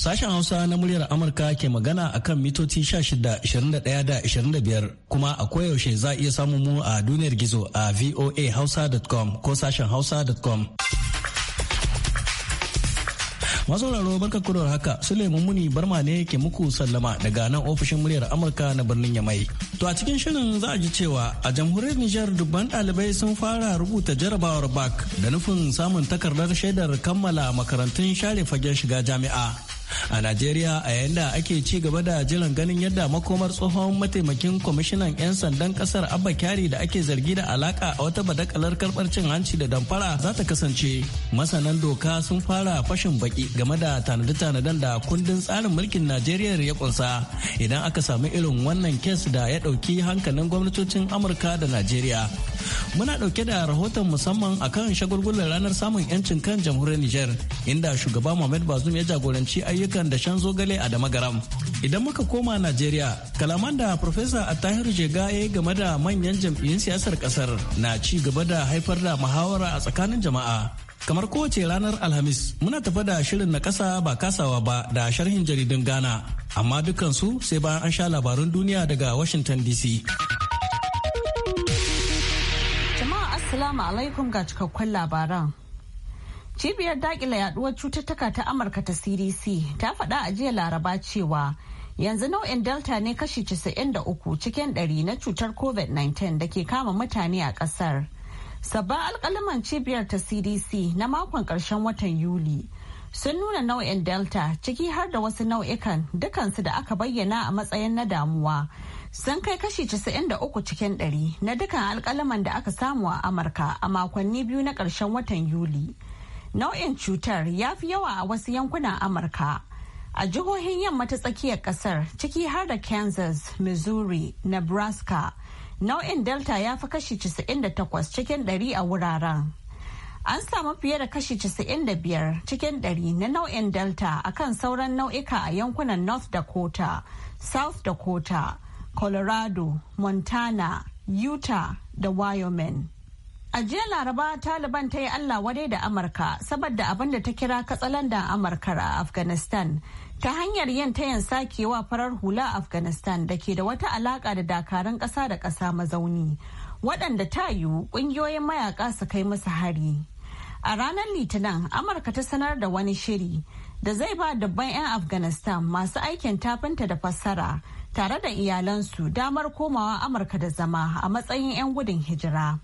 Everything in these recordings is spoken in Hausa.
Sashen Hausa na muryar Amurka ke magana a kan mitoci 16, da 25 kuma a koyaushe za a iya samun mu a duniyar gizo a voahausa.com ko sashen hausa.com. masauraro barka kudur haka suleiman muni barma ne ke muku sallama daga nan ofishin muryar amurka na birnin yamai to a cikin shirin za a ji cewa a jamhuriyar nijar dubban ɗalibai sun fara rubuta jarabawar bak da nufin samun takardar shaidar kammala makarantun share fagen shiga jami'a a najeriya a yayin da ake ci gaba da jiran ganin yadda makomar tsohon mataimakin kwamishinan 'yan sandan kasar abba kyari da ake zargi da alaka a wata badakalar karbar cin hanci da damfara za ta kasance masanan doka sun fara fashin baki game da tanade-tanaden da kundin tsarin mulkin najeriya ya kunsa idan aka samu irin wannan kes da ya ɗauki hankalin gwamnatocin amurka da najeriya muna ɗauke da rahoton musamman akan shagulgular ranar samun 'yancin kan jamhuriyar niger inda shugaba mohamed bazoum ya jagoranci ayyukan ƙauyukan dashen zogale a damagaram idan muka koma najeriya kalaman da profesa attahir jega ya game da manyan jam'iyyun siyasar kasar na ci gaba da haifar da muhawara a tsakanin jama'a kamar kowace ranar alhamis muna tafa da shirin na kasa ba kasawa ba da sharhin jaridun ghana amma dukansu sai bayan an sha labarun duniya daga washington dc jama'a assalamu alaikum ga cikakkun labaran Cibiyar dakila yaduwar cututtuka ta Amurka ta CDC ta faɗa a jiya Laraba cewa yanzu nau'in Delta ne kashi 93 cikin 100 na cutar COVID-19 da ke kama mutane a ƙasar. Sabbin alkalaman cibiyar ta CDC na makon ƙarshen watan Yuli sun nuna nau'in Delta ciki har da wasu nau'ikan dukansu da aka bayyana a matsayin na damuwa. sun kai kashi 93 cikin 100 na dukkan alkalaman da aka samu a amurka a makonni biyu na ƙarshen watan yuli nau'in cutar ya fi yawa a wasu yankunan amurka a jihohin yamma ta tsakiyar kasar ciki har da kansas missouri nebraska nau'in delta ya fi kashi 98 cikin 100 a wuraren an samu fiye da kashi 95 cikin 100 na nau'in delta akan sauran nau'ika a yankunan north dakota south dakota colorado montana utah da wyoming A jiya Laraba Taliban ta yi Allah wadai da Amurka saboda abin da ta kira katsalandan Amurka a Afghanistan ta hanyar yin tayin sakewa farar hula Afghanistan da ke da wata alaka da dakarun ƙasa da ƙasa mazauni waɗanda ta yiwu ƙungiyoyin mayaƙa su kai musu hari. A ranar Litinin Amurka ta sanar da wani shiri da zai ba dubban 'yan Afghanistan masu aikin tafinta da fassara tare da iyalansu damar komawa Amurka da zama a matsayin 'yan gudun hijira.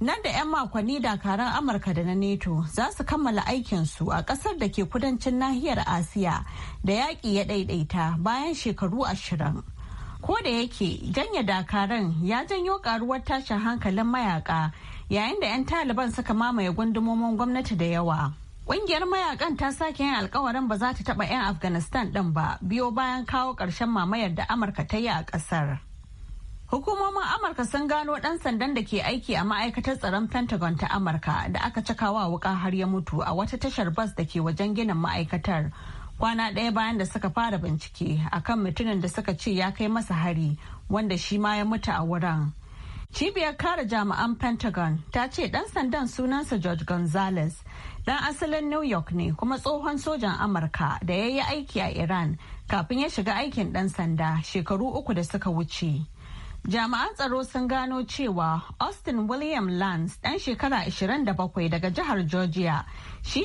Nan da 'yan makonni dakaran Amurka da na neto za su kammala aikinsu a kasar da ke kudancin nahiyar Asiya da yaƙi ya ɗaiɗaita bayan shekaru ashirin. Ko da yake janya dakaran ya janyo karuwar tashin hankalin mayaka yayin da 'yan taliban suka mamaye gundumomin gwamnati da yawa. Ƙungiyar mayakan ta sake yin alkawarin ba za ta taɓa 'yan Afghanistan ɗin ba biyo bayan kawo ƙarshen mamayar da Amurka ta yi a ƙasar. Hukumomin Amurka sun gano ɗan sandan da ke aiki a ma'aikatar tsaron Pentagon ta Amurka da aka cakawa wuƙa har ya mutu a wata tashar bas da ke wajen ginin ma'aikatar. Kwana ɗaya bayan da suka fara bincike a kan mutumin da suka ce ya kai masa hari wanda shi ma ya mutu a wurin. Cibiyar kare jami'an Pentagon ta ce ɗan sandan sunansa George Gonzales ɗan asalin New York ne kuma tsohon sojan Amurka da ya yi aiki a Iran kafin ya shiga aikin ɗan sanda shekaru uku da suka wuce. Jami'an tsaro sun gano cewa Austin William Lance ɗan shekara 27 daga jihar Georgia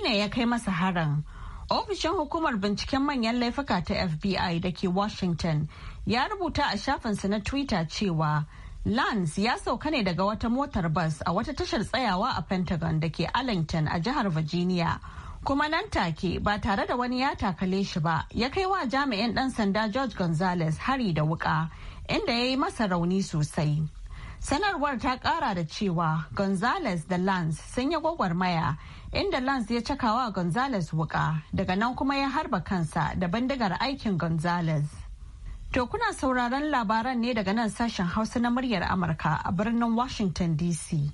ne ya kai masa harin. Ofishin hukumar binciken manyan laifuka ta FBI da ke Washington ya rubuta a shafinsa na Twitter cewa Lance ya sauka ne daga wata motar bas a wata tashar tsayawa a Pentagon da ke Arlington a jihar Virginia. kuma nan take ba tare da wani ya takale shi ba ya kai wa jami'in ɗan sanda george Gonzalez hari da wuka inda ya yi masa rauni sosai. Sanarwar ta kara da cewa Gonzales da Lance sun yi gwagwarmaya inda Lance ya cakawa Gonzales wuka daga nan kuma ya harba kansa da bindigar aikin Gonzales. To kuna sauraron labaran ne daga nan sashen Hausa na muryar Amurka a birnin Washington DC.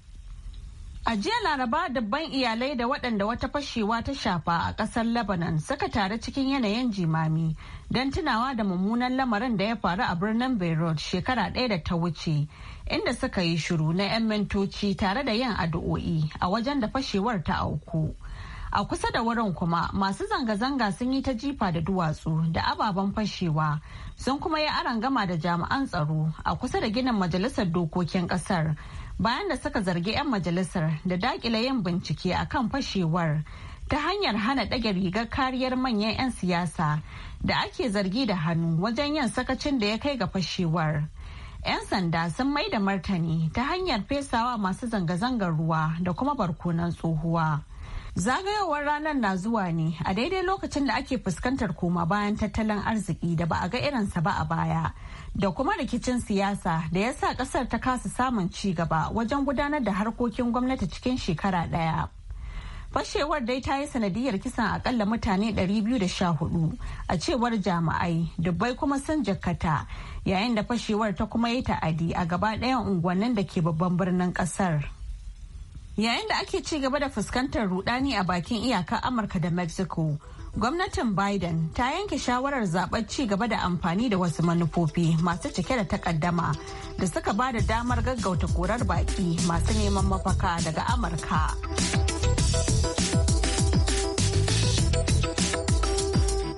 A jiya laraba dabban iyalai da waɗanda wata fashewa ta shafa a ƙasar Lebanon suka tare cikin yanayin jimami don tunawa da mummunan lamarin da ya faru a birnin Beirut shekara ɗaya da ta wuce inda suka yi shiru na 'yan mintoci tare da yin addu'o'i a wajen da fashewar ta auku. A kusa da wurin kuma masu zanga-zanga sun yi ta jifa da duwatsu da ababen fashewa sun kuma yi gama da jami'an tsaro a kusa da ginin majalisar dokokin ƙasar. bayan da suka zargi 'yan majalisar da dakile yin bincike a kan fashewar ta hanyar hana ɗage rigar kariyar manyan 'yan siyasa da ake zargi da hannu wajen yin sakacin da ya kai ga fashewar. 'Yan sanda sun mai da martani ta hanyar fesawa masu zanga-zangar ruwa da kuma barkonan tsohuwa. Zagayowar ranar na zuwa ne a daidai lokacin da ake fuskantar koma bayan tattalin arziki da ba a ga irinsa ba a baya da kuma rikicin siyasa da ya sa kasar ta kasa samun ci gaba wajen gudanar da harkokin gwamnati cikin shekara daya. Fashewar dai ta yi sanadiyar kisan akalla mutane 214 a cewar jami'ai dubbai kuma sun jakkata yayin da fashewar ta kuma yi ta'adi a gaba ɗayan unguwannin da ke babban birnin ƙasar. Yayin da ake ci gaba da fuskantar rudani a bakin iyaka Amurka da Mexico, gwamnatin Biden ta yanke shawarar zaɓar ci gaba da amfani da wasu manufofi masu cike da takaddama da suka ba da damar gaggauta korar baƙi masu neman mafaka daga Amurka.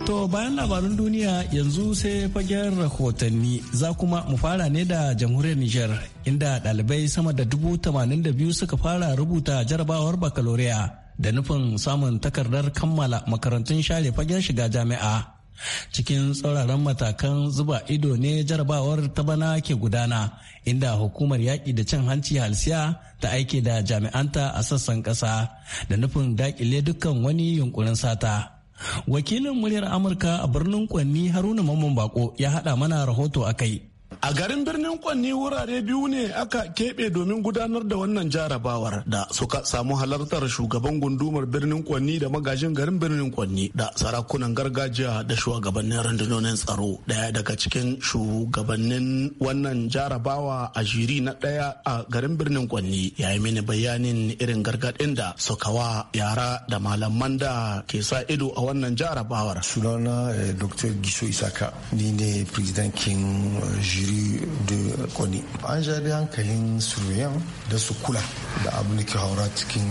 To bayan labarin duniya yanzu sai fagen rahotanni za kuma mu fara ne da jamhuriyar Nijar inda ɗalibai sama da dubu tamanin da biyu suka fara rubuta jarabawar bakaloriya da nufin samun takardar kammala makarantun share fagen shiga jami'a. cikin tsauraran matakan zuba ido ne jarabawar ta bana ke gudana inda hukumar yaƙi da cin hanci halsiya ta aike da jami'anta a sassan ƙasa da nufin daƙile dukkan wani yunkurin sata wakilin muryar amurka a birnin kwanni haruna mamman bako ya haɗa mana rahoto a kai A garin birnin Kwanni wurare biyu ne aka keɓe domin gudanar da wannan jarabawar da suka samu halartar shugaban gundumar birnin Kwanni da magajin garin birnin Kwanni da sarakunan gargajiya da shugabannin rundunonin tsaro. Daya daga cikin shugabannin wannan jarabawa a jiri na ɗaya a garin birnin Kwanni ya yi mini bayanin irin gargaɗin da suka wa yara da malaman da ke sa ido a wannan jarabawar. Sunana eh, Dr. Giso Isaka ni ne President King eh, Jiri jiri da Kwani. An jabi hankalin Suriyan da su kula da abu da ke haura cikin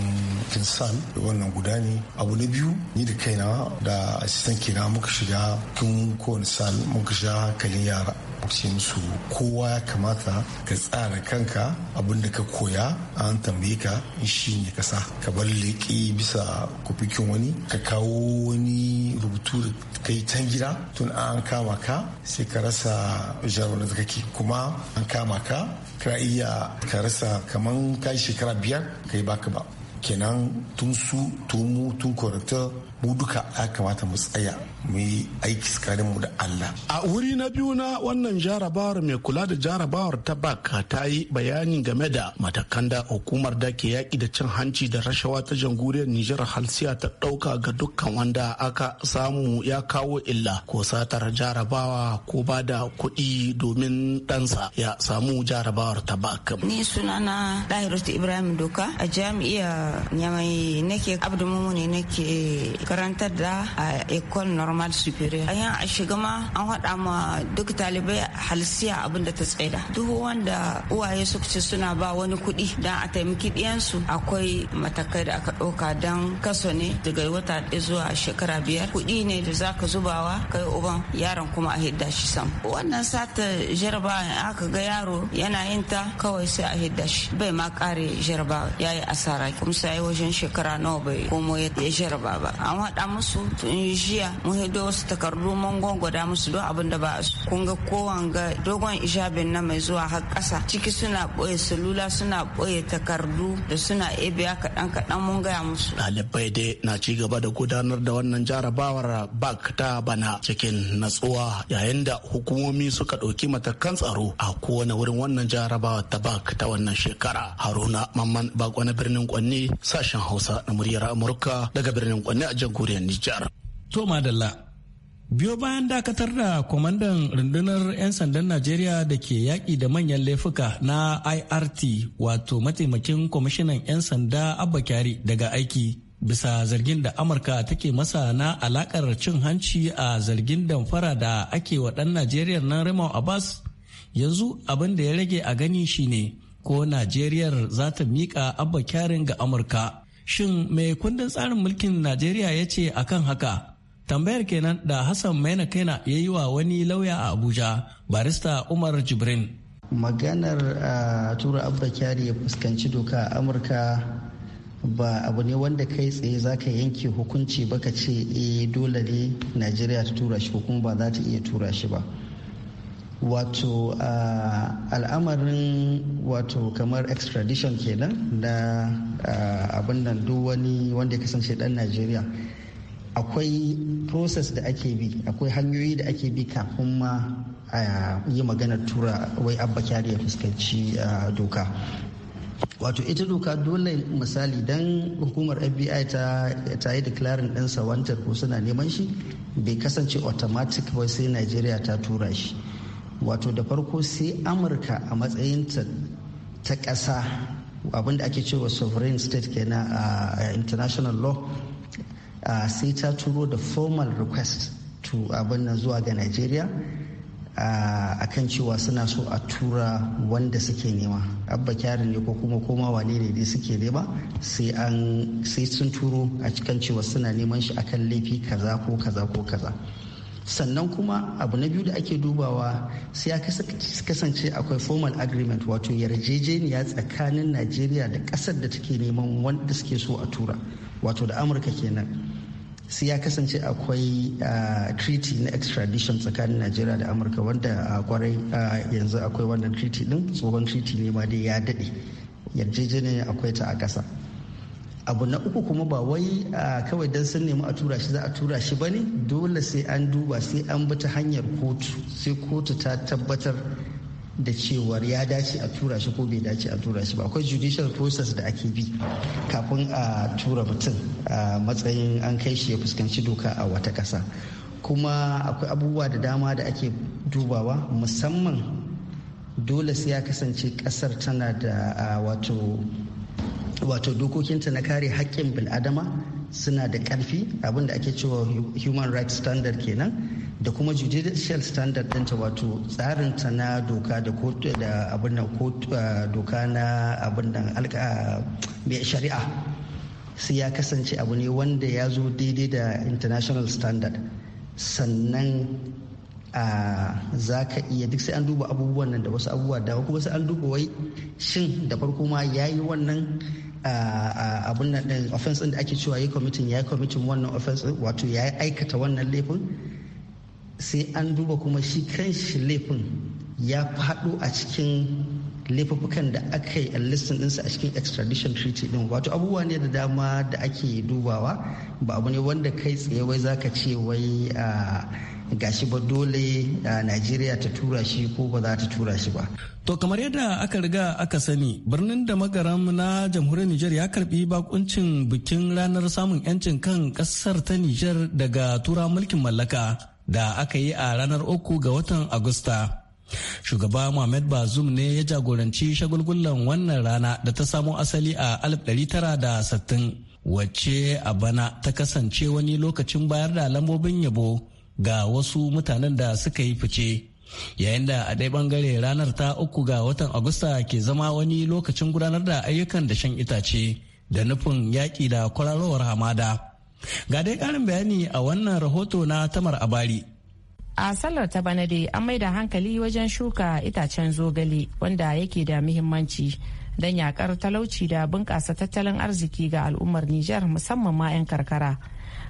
kinsan wannan guda ne. Abu na biyu ni da kaina da asistan kina muka shiga kin kowane sal muka shiga hankalin yara. ce musu kowa ya kamata ka tsara kanka abin da ka koya an tambaye ka shi ne kasa ka bar leƙe bisa kufikin wani ka kawo wani rubutu da kai can gida tun an kama ka sai ka rasa jarumar da kake kuma an kama ka ka iya ka rasa kaman kai shekara biyar ka yi baka ba kenan tun su tumu tun korata mu duka ya kamata mu tsaya mu yi aiki tsakanin mu da Allah. A wuri na biyu na wannan jarabawar mai kula da jarabawar ta baka ta yi bayani game da matakan da hukumar da ke yaƙi da cin hanci da rashawa ta jamhuriyar Nijar Halsiya ta ɗauka ga dukkan wanda aka samu ya kawo illa ko satar jarabawa ko ba da kuɗi domin ɗansa ya samu jarabawar ta baka. Ni sunana lahiru Ibrahim Doka a jami'a Nyamai nake Abdu Mumu ne nake karantar da a Ecole normal superior yan a shiga ma an haɗa ma duk talibai halsiya abin da ta tsaida duk wanda uwaye su ce suna ba wani kuɗi don a taimaki ɗiyansu akwai matakai da aka ɗauka don kaso ne daga wata ɗaya zuwa shekara biyar kuɗi ne da zaka zubawa kai uban yaron kuma a hidda shi sam wannan sata jaraba aka ga yaro yana yin ta kawai sai a hidda shi bai ma kare jarba ya yi asara kuma sai wajen shekara nawa bai komo ya jaraba ba an haɗa musu tun jiya hido wasu takardu mun gwangwada musu don abin da ba su kun ga kowan ga dogon ishabin na mai zuwa har kasa ciki suna boye salula suna ɓoye takardu da suna ebiya kaɗan kaɗan mun gaya musu. dalibai dai na ci gaba da gudanar da wannan jarabawar bak ta bana cikin natsuwa yayin da hukumomi suka ɗauki matakan tsaro a kowane wurin wannan jarabawa ta bak ta wannan shekara. Haruna Mamman bakwana na birnin Kwanne sashen Hausa na muryar Amurka daga birnin Kwanne a jamhuriyar Nijar. To Madalla, biyo bayan dakatar da kwamandan rundunar 'yan sandan Najeriya da ke yaƙi da manyan laifuka na IRT wato mataimakin kwamishinan 'yan sanda Abba Kyari daga aiki. Bisa zargin da Amurka take masa na alakar cin hanci a zargin damfara da ake wa ɗan Najeriya nan Raymond Abbas, yanzu abin da ya rage a gani shine ko Najeriya za ta miƙa Abba Kyarin ga Amurka. Shin mai kundin tsarin mulkin Najeriya ya ce akan haka? Tambayar kenan da Hassan Maina Kaina ya yi wa wani lauya a Abuja, barista Umar Jibrin. Maganar a tura abba kyari ya fuskanci doka a Amurka ba abu ne wanda kai tsaye za ka yanke hukunci ba ka ce e dole ne Najeriya ta tura shi ko kuma ba za ta iya tura shi ba. wato al'amarin wato kamar extradition kenan na abin nan duk wani wanda ya kasance dan najeriya akwai process da ake bi akwai hanyoyi da ake bi kafin ma a yi maganar tura wai abba kyari ya fuskanci doka wato ita doka dole misali dan hukumar fbi ta yi declaring din wantar ko suna neman shi bai kasance automatic ba sai nigeria ta tura shi wato da farko sai amurka a matsayinta ta ƙasa abinda ake cewa sovereign state kenan a international law sai ta turo da formal request to abin nan zuwa ga nigeria a kan cewa suna so a tura wanda suke nema abba kyari ne ko kuma koma wane ne dai suke nema sai sun turo a cikin cewa suna neman shi akan laifi kaza ko kaza ko kaza sannan kuma abu na biyu da ake dubawa sai ya kasance akwai formal agreement wato yarjejeniya tsakanin Nigeria da kasar da take neman wanda suke so a tura wato da amurka kenan sai ya kasance akwai treaty na extradition tsakanin najeriya da amurka wanda a kwarai yanzu akwai wannan treaty din tsohon treaty ne ma dai ya daɗe yarjejeniya akwai ta a ƙasa abu na uku kuma ba wai kawai don sun nemi a tura shi za a tura shi ba ne dole sai an duba sai an bi ta hanyar kotu sai kotu ta tabbatar da cewar ya dace a tura shi ko bai dace a tura shi ba akwai judicial process da ake bi kafin a tura mutum a matsayin an kai shi ya fuskanci doka a wata ƙasa kuma akwai abubuwa da dama da ake dubawa musamman dole sai ya kasance ƙasar tana da wato dokokinta na kare haƙƙin bil'adama suna da karfi abinda ake cewa human rights standard kenan da kuma judicial standard ɗinta wato tsarin ta na doka da abin da doka na abin mai shari'a sai ya kasance abu ne wanda ya zo daidai da international standard sannan a za ka iya duk sai an duba abubuwan nan da wasu abubuwa da kuma sai an duba wai shin da farko ma ya yi wannan abun nan din offense da ake cewa yi kwamitin ya yi kwamitin wannan offense wato ya yi aikata wannan laifin sai an duba kuma shi kan shi laifin ya faɗo a cikin laifukan da aka yi listin ɗinsu a cikin extradition treaty din wato abubuwa ne da dama da ake dubawa ba abu ne wanda kai tsaye wai zaka ce wai gashi ba dole a najeriya ta tura shi ko ba za ta tura shi ba to kamar yadda aka riga aka sani birnin da magaram na jamhuriyar niger ya karbi bakuncin bikin ranar samun yancin kan kasar ta niger daga tura mulkin mallaka da aka yi a ranar uku ga watan agusta Shugaba Muhammad Bazoum ne ya jagoranci shagulgullan wannan rana da ta samo asali a 1960 Wace a bana ta kasance wani lokacin bayar da lambobin yabo ga wasu mutanen da suka yi fice. yayin da a ɗaya bangare ranar ta uku ga watan agusta ke zama wani lokacin gudanar da ayyukan da shan itace da nufin yaƙi da kwararowar hamada ga dai ƙarin bayani a wannan rahoto na tamar abari a sallar ta bana an mai da hankali wajen shuka itacen zogale wanda yake da muhimmanci don yakar talauci da bunƙasa tattalin arziki ga al'ummar Nijar musamman ma 'yan karkara.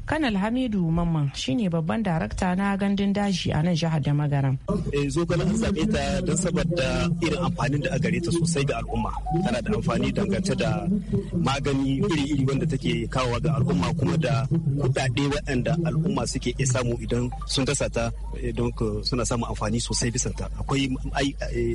Kanal Hamidu Mamman shine babban darakta na gandun daji a nan jihar da magaram. Eh, zo gana an zaɓe ta don saboda irin amfanin da a gare ta sosai ga al'umma. Tana da amfani dangance da magani iri-iri wanda take kawowa ga al'umma kuma da kuɗaɗe waɗanda al'umma suke iya samu idan sun gasa ta eh, don eh, suna samun amfani sosai bisa ta. Akwai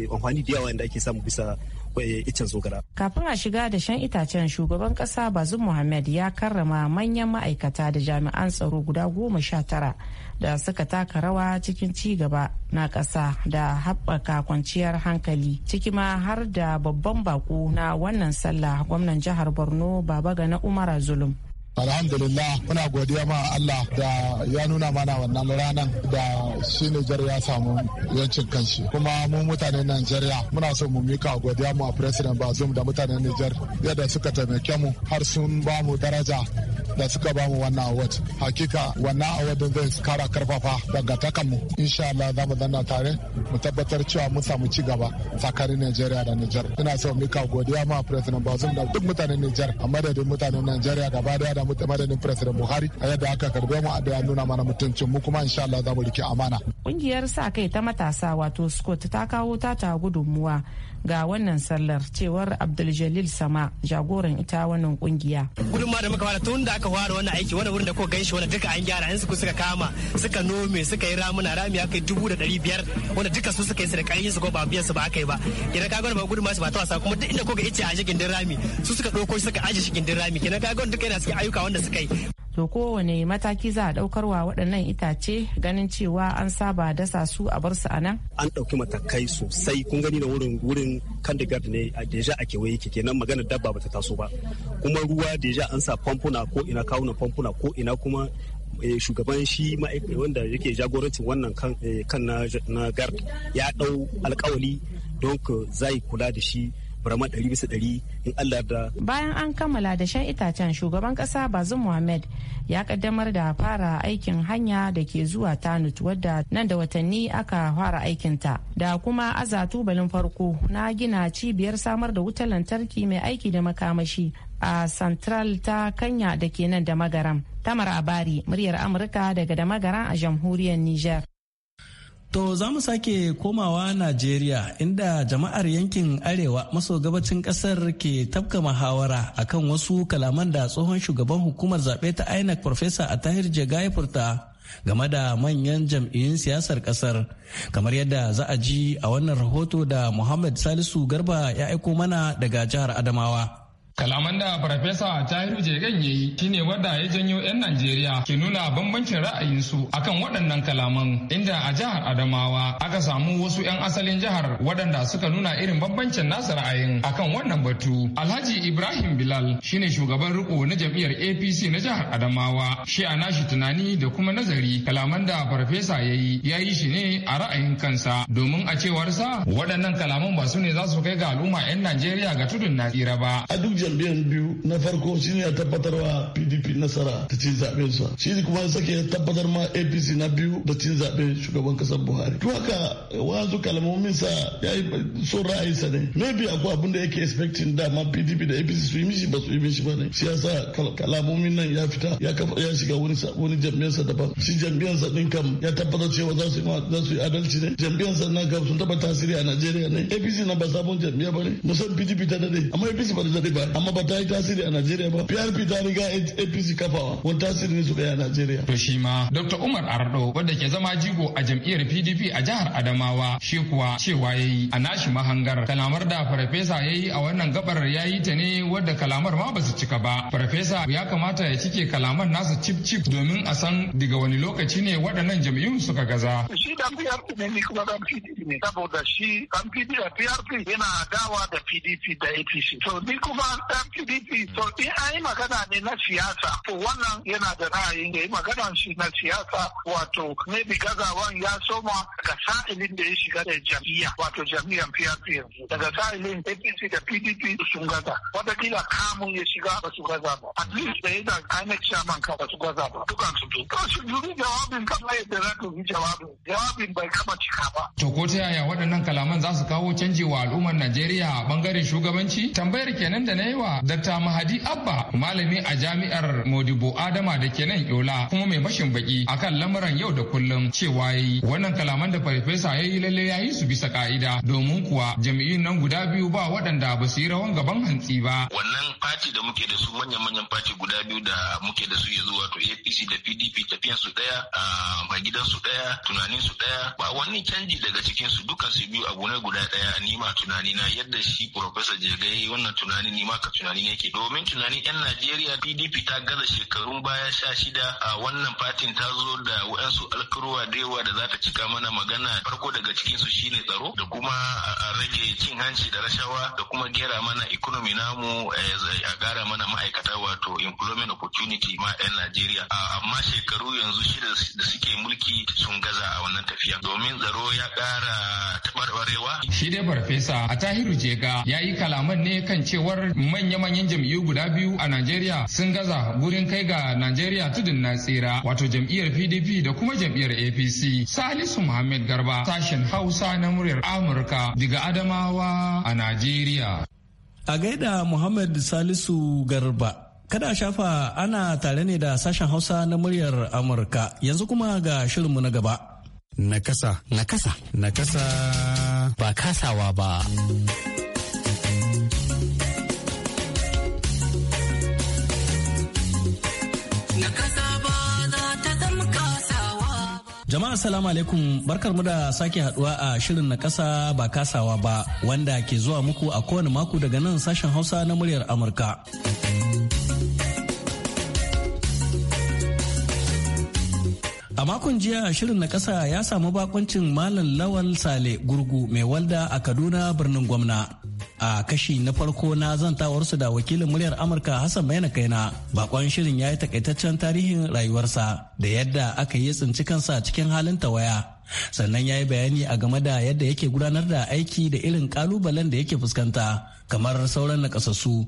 amfani da yawa wanda ake samu bisa Kafin a shiga da shan itacen shugaban kasa Bazum Muhammad ya karrama manyan ma'aikata da jami'an tsaro guda goma sha tara da suka taka rawa cikin ci gaba na ƙasa da haɓaka kwanciyar hankali ciki ma har da babban bako na wannan sallah gwamnan jihar Borno Baba Gana umara Zulum Alhamdulillah muna godiya ma Allah da ya nuna mana wannan ranar da shi Nijar ya samu yancin kanshi. Kuma mu mutanen Najeriya muna so mu mika godiya mu a President Bazoum da mutanen Nijar yadda suka taimake mu har sun ba mu daraja da suka ba mu wannan award hakika wannan award zai kara karfafa dangantakan mu insha Allah za mu zanna tare mu tabbatar cewa mun samu ci gaba tsakanin Najeriya da Nijar. Ina so mika godiya ma President Bazoum da duk mutanen Nijar a madadin mutanen Najeriya gaba daya da madadin President Buhari a yadda aka karbe mu a da nuna mana mutuncin mu kuma insha Allah za mu rike amana. Kungiyar sa kai ta matasa wato Scott ta kawo ta ta gudunmuwa ga wannan sallar cewar Abdul Sama jagoran ita wannan kungiya. Gudunma da muka fara tun da aka fara wannan aiki wani wurin da ko ganshi wani duka an gyara an suka kama suka nome suka yi ramuna rami aka yi dubu da ɗari biyar wanda duka su suka yi su da ƙarfi su ko ba biyan su ba aka yi ba kenan ka gwada ba gudu masu ba ta wasa kuma duk inda ko ga ice a shi gindin rami su suka ɗauko suka aje shi gindin rami kenan ka gwada duka yana suke ayyuka wanda suka yi to kowane mataki za a daukar wa waɗannan itace ganin cewa an saba dasa su a bar su a nan an ɗauki matakai sosai kun gani da wurin wurin kandigard ne a deja a kewaye ke kenan maganar dabba bata taso ba kuma ruwa deja an sa famfuna ko ina kawunan famfuna ko ina kuma Eh, shugaban shi wanda yake jagorancin wannan kan eh, na gard ya dau alkawali don zai kula da shi barama ɗari bisa ɗari in Allah da. Bayan an kammala da shan itacen shugaban ƙasa Bazum Mohamed ya kaddamar da fara aikin hanya da ke zuwa Tanut wadda nan da watanni aka fara aikinta da kuma aza tubalin farko na gina cibiyar samar da wutar lantarki mai aiki da makamashi a central ta kanya da ke nan da magaram tamar abari muryar amurka daga da magaran a jamhuriyar niger To za mu sake komawa Najeriya inda jama'ar yankin Arewa maso gabacin kasar ke tafka muhawara akan wasu kalaman da tsohon shugaban hukumar zaɓe ta INEC Farfesa Atahir Jagaye furta game da manyan jam'iyyun siyasar kasar kamar yadda za a ji a wannan rahoto da Muhammad Salisu Garba ya aiko mana daga jihar Adamawa. Kalaman da Farfesa Tahiru Jegan ya yi shine wadda ya janyo 'yan Najeriya ke nuna bambancin ra'ayinsu akan waɗannan kalaman inda a jihar Adamawa aka samu wasu 'yan asalin jihar waɗanda suka nuna irin bambancin nasu ra'ayin akan wannan batu. Alhaji Ibrahim Bilal shine shugaban riko na jam'iyyar APC na jihar Adamawa shi a nashi tunani da kuma nazari kalaman da Farfesa ya yi ya yi shi ne a ra'ayin kansa domin a cewarsa waɗannan kalaman ba su ne za su kai ga al'umma 'yan Najeriya ga tudun na tsira ba. jam'iyyar biyu na farko shine ya tabbatarwa pdp nasara ta cin zaɓen sa shi kuma ya sake tabbatar ma apc na biyu da cin zaɓen shugaban kasar buhari to haka eh, wasu kalmomin sa ya yi ra'ayi sa ne maybe akwai abin da yake expecting ma pdp da apc su yi mishi ba su yi mishi ba ne shi yasa kalmomin nan ya fita ya kafa ya shiga wani wani sa daban shi sa din kam ya tabbatar cewa za su za su yi adalci ne jam'iyyarsa nan kam sun taɓa tasiri a najeriya ne apc na ba sabon jam'iyya ba ne musan pdp ta dade amma apc ba ta dade ba amma ba ta yi tasiri a Najeriya ba PRP ta riga APC kafawa wani tasiri ne suka yi a Najeriya. To shi ma Dr. Umar Ardo wanda ke zama jigo a jam'iyyar PDP a jihar Adamawa shi kuwa cewa ya yi a nashi mahangar kalamar da farfesa ya yi a wannan gabar ya yi ta ne wadda kalamar ma ba su cika ba. Farfesa ya kamata ya cike kalamar nasa cip cip domin a san daga wani lokaci ne waɗannan jam'iyyun suka gaza. Shi da PRP ne ni kuma dan PDP ne saboda shi dan PDP PRP yana dawa da PDP da APC. To ni kuma ta PDP to in an yi magana ne na siyasa to wannan yana da ra'ayin ya yi maganan shi na siyasa wato maybe gazawan ya soma daga sa'ilin da ya shiga da jam'iyya wato jam'iyyar PRP yanzu daga sa'ilin APC da PDP sun gaza wataƙila kamun ya shiga ba su gaza ba at least da yana INEC chairman ka ba su gaza ba dukansu su biyu to su jawabin kan mai da za yi jawabin jawabin bai kama cika ba. To ko ta yaya waɗannan kalaman za su kawo canji wa al'ummar Najeriya a ɓangaren shugabanci? Tambayar kenan da na kaiwa Dr. Mahadi Abba malami a jami'ar Modibo Adama da kenan Yola kuma mai bashin baki akan lamuran yau da kullum cewa yayi wannan kalaman da farfesa ya yi lalle yayi su bisa ka'ida domin kuwa jami'in nan guda biyu ba waɗanda ba su yi rawan gaban hantsi ba. Wannan fati da muke da su manyan-manyan fati guda biyu da muke da su yanzu wato APC da PDP tafiyan su ɗaya a gidan su daya. tunanin su ɗaya ba wani canji daga cikin su dukkan su biyu a gonar guda ɗaya ni ma tunani na yadda shi Professor Jega wannan tunani ni ma haka tunanin yake domin tunanin 'yan Najeriya PDP ta gaza shekarun baya sha shida a wannan fatin ta zo da wa'ansu alkarwa da yawa da za ta cika mana magana farko daga cikin su shine tsaro da kuma a rage cin hanci da rashawa da kuma gera mana economy namu eh, a gara mana ma'aikata wato employment opportunity ma 'yan Najeriya amma shekaru yanzu shida da suke mulki sun gaza a wannan tafiya domin tsaro ya kara tabarbarewa. Shi dai Farfesa a Tahiru Jega ya yi kalaman ne kan cewar manya-manyan jam'iyyu guda biyu a Najeriya sun gaza gurin kai ga Najeriya tudun na tsira wato jam'iyyar PDP da kuma jam'iyyar APC. Salisu Muhammad Garba sashen Hausa na muryar Amurka daga Adamawa a Najeriya. A gaida Muhammad Salisu Garba. Kada shafa ana tare ne da sashen Hausa na muryar Amurka yanzu kuma ga shirin mu na gaba. Nakasa. Nakasa. Nakasa. Ba kasawa ba. Jama'a salamu alaikum mu da sake haduwa a shirin na kasa ba kasawa ba wanda ke zuwa muku a kowane mako daga nan sashen Hausa na muryar Amurka. A makon jiya shirin na kasa ya samu bakoncin Malam Lawal Sale Gurgu mai walda a Kaduna birnin gwamna. a kashi na farko na zantawarsu da wakilin muryar amurka hassan kai kaina bakon shirin ya yi takaitaccen tarihin rayuwarsa da yadda aka yi tsinci kansa cikin halin tawaya sannan ya yi bayani a game da yadda yake gudanar da aiki da irin kalubalen da yake fuskanta kamar sauran nakasassu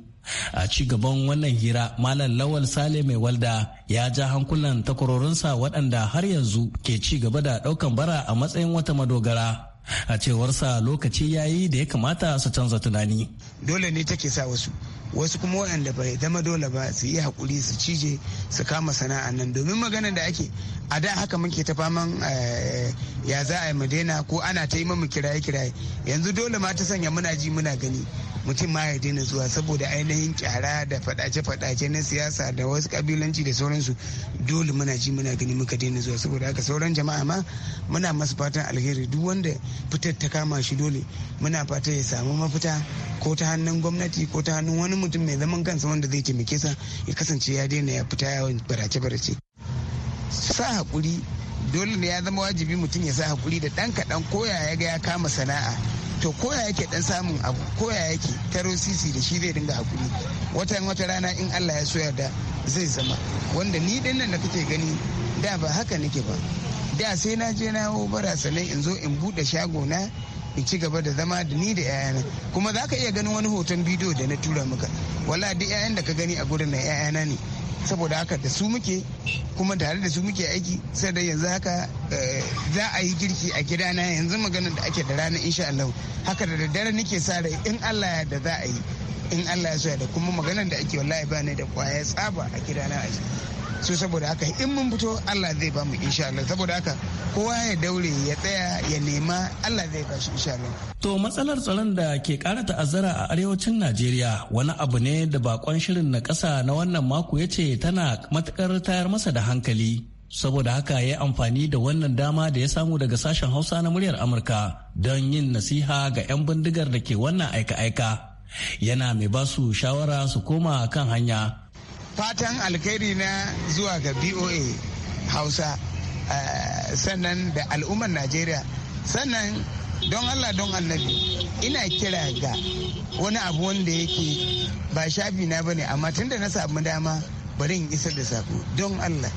a ci gaban wannan hira malam lawal sale mai walda ya ja hankulan takwarorinsa waɗanda har yanzu ke ci gaba da ɗaukan bara a matsayin wata madogara a cewarsa lokaci yayi da ya kamata su canza tunani dole ne take sa wasu wasu kuma waɗanda bai zama dole ba su yi hakuri su cije su kama sana'a nan domin magana da ake a da haka muke ta faman eh, ya za a yi mu ko ana ta yi mamu kiraye kiraye yanzu dole ma ta sanya muna ji muna gani mutum ma ya daina zuwa saboda ainihin kyara da fadace-fadace na siyasa da wasu kabilanci da sauransu dole muna ji muna gani muka daina zuwa saboda haka sauran jama'a ma muna masu fatan alheri duk wanda fitar ta kama shi dole muna fata ya samu mafita ko ta hannun gwamnati ko ta hannun wani mutum mai zaman kansa wanda zai taimake sa ya kasance ya daina ya fita yawon barace-barace sa hakuri dole ne ya zama wajibi mutum ya sa hakuri da ɗan kaɗan koya ya ga ya kama sana'a to koya yake dan samun abu koya yake taro sisi da shi zai dinga hakuri wata wata rana in allah ya so yarda zai zama wanda ni din nan da kake gani da ba haka nake ba da sai na je na wo bara in zo in bude shago na in ci gaba da zama da ni da yayana kuma za ka iya ganin wani hoton bidiyo da na tura maka wala duk yayan da ka gani a gurin na yayana ne saboda haka da su muke kuma tare da su muke aiki sai da yanzu haka eh, za a yi girki a gidana yanzu maganar da ake da rana insha Allah haka da daddare nake sa rai in Allah ya da za a yi in Allah ya so da kuma maganar da ake wallahi ba ne da kwaya tsaba a gidana a su saboda haka in mun fito Allah zai ba mu insha Allah saboda haka kowa ya daure ya tsaya ya nema Allah zai ba shi insha Allah to matsalar tsaron da ke kara ta'azzara a arewacin Najeriya wani abu ne da bakon shirin na kasa na wannan mako ya ce tana matukar tayar masa da hankali saboda haka ya amfani da wannan dama da ya samu daga sashen hausa na muryar amurka don yin nasiha ga 'yan bindigar da ke wannan aika-aika yana mai ba su shawara su koma kan hanya fatan alkhairi na zuwa ga boa hausa eh, sannan da al'ummar najeriya sannan don allah don annabi ina kira ga wani abu wanda yake ba shafi na bane amma tunda na samu dama bari in isar da sako don allah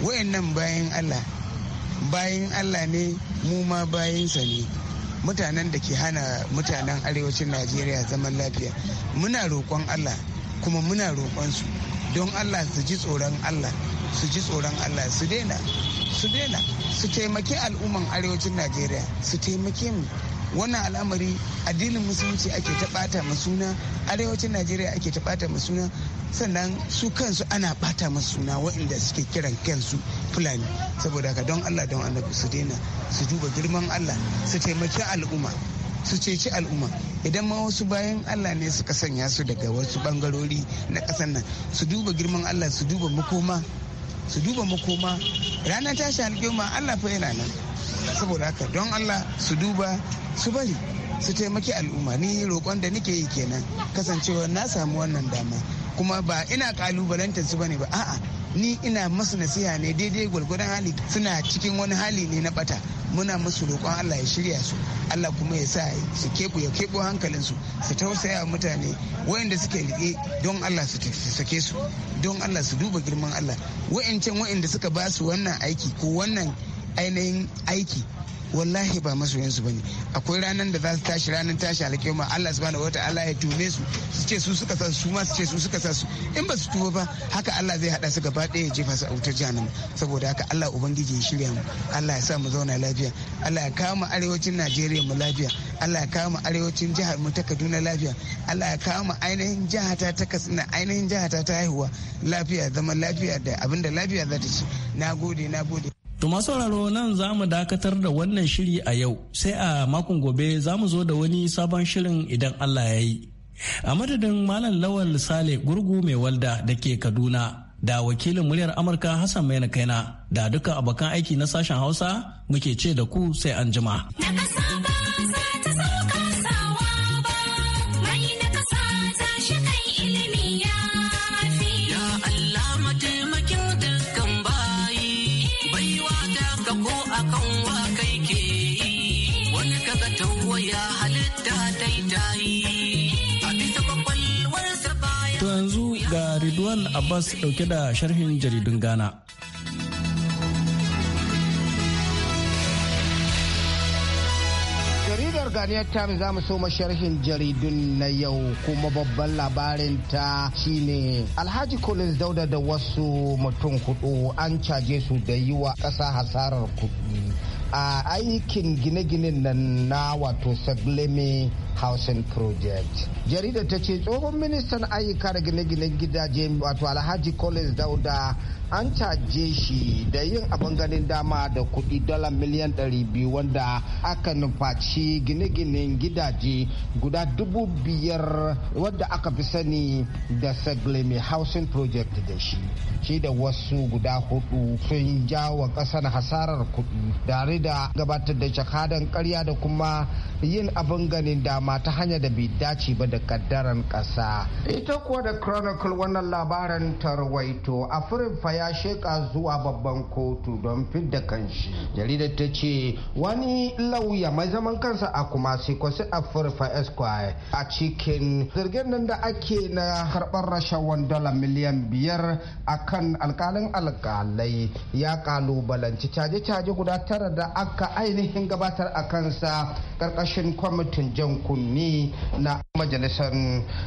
wayannan bayan allah bayan allah ne mu ma bayansa ne mutanen da ke hana mutanen arewacin najeriya zaman lafiya muna roƙon allah kuma muna roƙon su don allah su ji tsoron allah su ji tsoron allah su daina su daina su taimaki al'umman arewacin najeriya su taimake mu wannan al'amari addinin musulunci ake ta bata suna arewacin najeriya ake ta bata suna sannan su kansu ana bata suna waɗanda suke kiran kansu fulani saboda haka don allah don Allah su daina su duba girman allah su taimaki al'umma su ceci al'umma idan ma wasu bayan allah ne suka sanya su daga wasu bangarori na kasar nan su duba girman allah su duba makoma su duba makoma rana tashi alƙiyoma allah fa yana nan saboda haka don allah su duba su bari su taimaki al'umma ni roƙon da nake yi kenan kasancewa na samu wannan dama kuma ba ina kalubalantar su bane ba a'a ni ina masu nasiha ne daidai gwalgwadon hali suna cikin wani hali ne na bata muna musu roƙon Allah ya shirya su Allah kuma ya sa su kebu ya kebu hankalinsu su tausaya wa mutane wayanda suke riƙe don Allah su sake su don Allah su duba girman Allah wayancan wayanda suka ba su wannan aiki ko wannan ainihin aiki wallahi ba masoyansu bane akwai ranar da za su tashi ranar tashi alkema Allah subhanahu ya tume su su ce su suka sa su ma su ce su suka sa su in ba su tuba ba haka Allah zai hada su gaba ɗaya ya jefa su a wutar jahannama saboda haka Allah ubangiji ya shirya mu Allah ya sa mu zauna lafiya Allah ya kawo mu arewacin Najeriya mu lafiya Allah ya kawo mu arewacin jihar mu ta Kaduna lafiya Allah ya kawo mu ainihin jihata ta Katsina ainihin jihata ta haihuwa lafiya zaman lafiya da abinda lafiya za ta ci na gode na gode To masu sauraro nan za mu dakatar da wannan shiri a yau sai a makon gobe za mu zo da wani sabon shirin idan Allah ya yi. A madadin Malam Lawal Sale Gurgu mai walda da ke Kaduna da wakilin muryar Amurka Hassan Maina Kaina da duka abokan aiki na sashen Hausa muke ce da ku sai an jima. Usman Abbas dauke da sharhin jaridun gana. jaridar Ghanaian Times za mu so sharhin jaridun na yau kuma babban labarin ta shine Alhaji Collins Dauda da wasu mutum hudu an caje su da yi wa ƙasa hasarar kuɗi a aikin gine-ginen nan na wato Sagleme housing project jarida ta ce tsohon ministan ayyuka da gine-ginen gidaje wato alhaji collins dauda an caje shi da yin abin ganin dama da kuɗi dala miliyan 200 wanda aka nufaci gine-ginen gidaje guda dubu biyar wadda aka fi sani da saglemi housing project da shi shi da wasu guda hudu sun jawo ƙasar hasarar kuɗi tare da gabatar da jakadan karya da kuma yin abin ganin dama amma ta hanyar da bai dace ba da kaddaran ƙasa. Ita kuwa da Chronicle wannan labarin tarwaito a firin ya sheka zuwa babban kotu don fidda kanshi. Jaridar ta ce wani lauya mai zaman kansa a kuma kwasi a furinfa Esquire a cikin zargin nan da ake na karɓar rashawan dala miliyan biyar a kan alkalin alkalai ya kalubalanci caje-caje guda tara da aka ainihin gabatar a kansa ƙarƙashin kwamitin jan rukunni na majalisar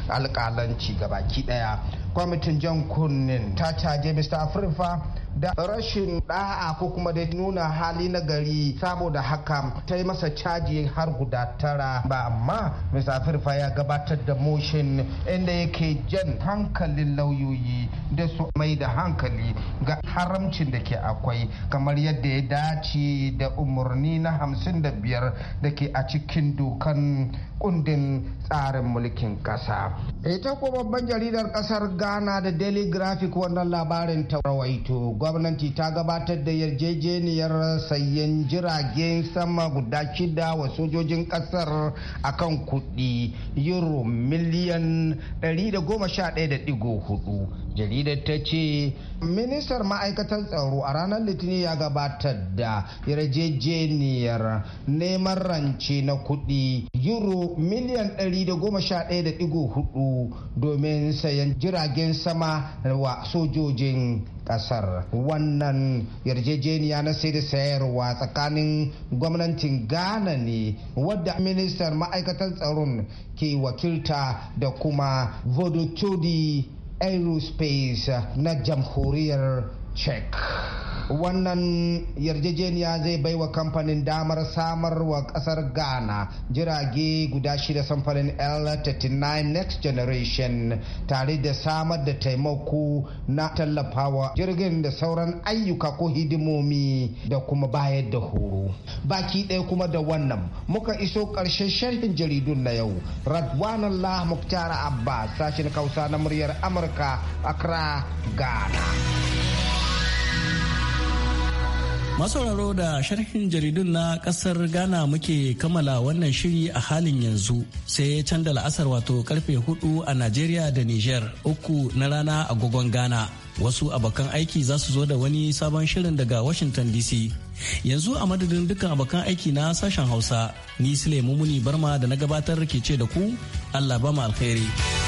alkalanci gabaki daya kwamitin jan kunnin ta caje mr afrifa da rashin da'a ko kuma da nuna hali na gari saboda haka ta yi masa caji har guda tara ba amma misafir ya gabatar da motion inda yake jan hankalin lauyoyi da su mai da hankali ga haramcin da ke akwai kamar yadda ya dace da umarni na hamsin da biyar da ke a cikin dokan kundin tsarin mulkin kasa ita ko babban jaridar ƙasar ghana da daily graphic wannan labarin ta rawaito gwamnati ta gabatar da yarjejeniyar sayen jiragen sama guda shida wa sojojin kasar akan kuɗi euro miliyan 111.4 jaridar ta ce ministar ma'aikatar tsaro a ranar litinin ya gabatar da yarjejeniyar neman rance na kudi euro miliyan 111.4 domin sayan jiragen sama wa sojojin kasar wannan yarjejeniya na sai da sayarwa tsakanin gwamnatin ghana ne wadda ministan ma'aikatar tsaron ke wakilta da kuma vodotodi aerospace na jamhuriyar czech wannan yarjejeniya zai baiwa kamfanin damar samarwa wa kasar ghana jirage guda shida samfanin l39 next generation tare da samar da taimako na tallafawa jirgin da sauran ayyuka ko hidimomi da kuma bayar da horo baki ɗaya kuma da wannan muka iso ƙarshen sharhin jaridun na yau radwanallah muktar abbas sashen kausa na muryar amurka accra ghana Masauraro da sharhin jaridun na kasar Ghana muke kammala wannan shiri a halin yanzu sai ya canza la'asar wato karfe 4 a nigeria da Niger uku na rana agogon Ghana. Wasu abokan aiki za su zo da wani sabon shirin daga Washington DC. Yanzu a madadin dukkan abokan aiki na sashen Hausa, ni Sule Mumuni Barma da na gabatar ke ce da ku, Allah ba mu alkhairi.